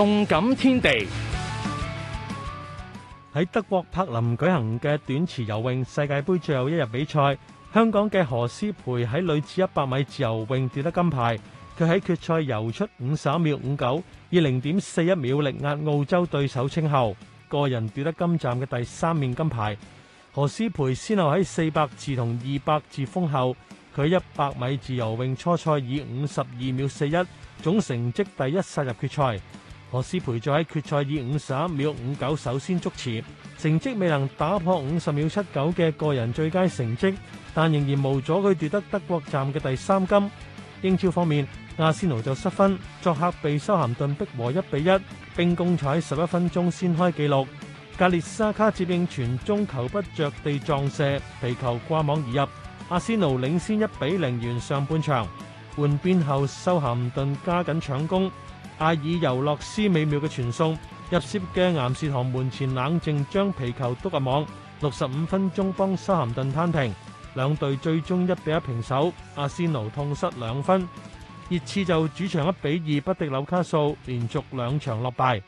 動感天地，喺德國柏林舉行嘅短池游泳世界杯最後一日比賽，香港嘅何詩蓓喺女子一百米自由泳奪得金牌。佢喺決賽游出五十一秒五九，以零點四一秒力壓澳洲對手，稱后，個人奪得今站嘅第三面金牌。何詩蓓先後喺四百自同二百自封后，佢一百米自由泳初賽以五十二秒四一總成績第一殺入決賽。何詩蓓在喺決賽以五十一秒五九首先觸池，成績未能打破五十秒七九嘅個人最佳成績，但仍然無阻佢奪得德國站嘅第三金。英超方面，阿仙奴就失分，作客被修咸頓逼和一比一。兵工廠十一分鐘先開紀錄，格列沙卡接應傳中球不着地撞射，皮球掛網而入，阿仙奴領先一比零完上半場。換邊後，修咸頓加緊搶攻。阿爾尤洛斯美妙嘅傳送，入攝嘅岩士堂門前冷靜將皮球篤入網。六十五分鐘幫修咸頓攤平，兩隊最終一比一平手。阿仙奴痛失兩分。熱刺就主場一比二不敵紐卡素，連續兩場落敗。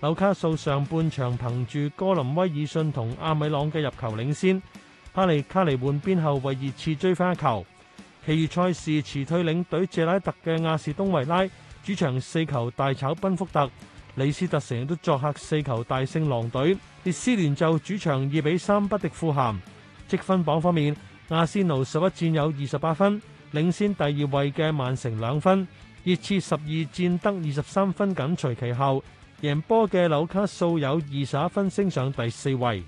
紐卡素上半場憑住哥林威爾遜同阿米朗嘅入球領先，哈利卡尼換邊後為熱刺追翻球。其餘賽事，辭退領隊謝拉特嘅亞士東維拉主場四球大炒賓福特，里斯特城都作客四球大勝狼隊，列斯聯就主場二比三不敵富咸。積分榜方面，阿仙奴十一戰有二十八分，領先第二位嘅曼城兩分，熱刺十二戰得二十三分緊隨其後，贏波嘅紐卡素有二十一分升上第四位。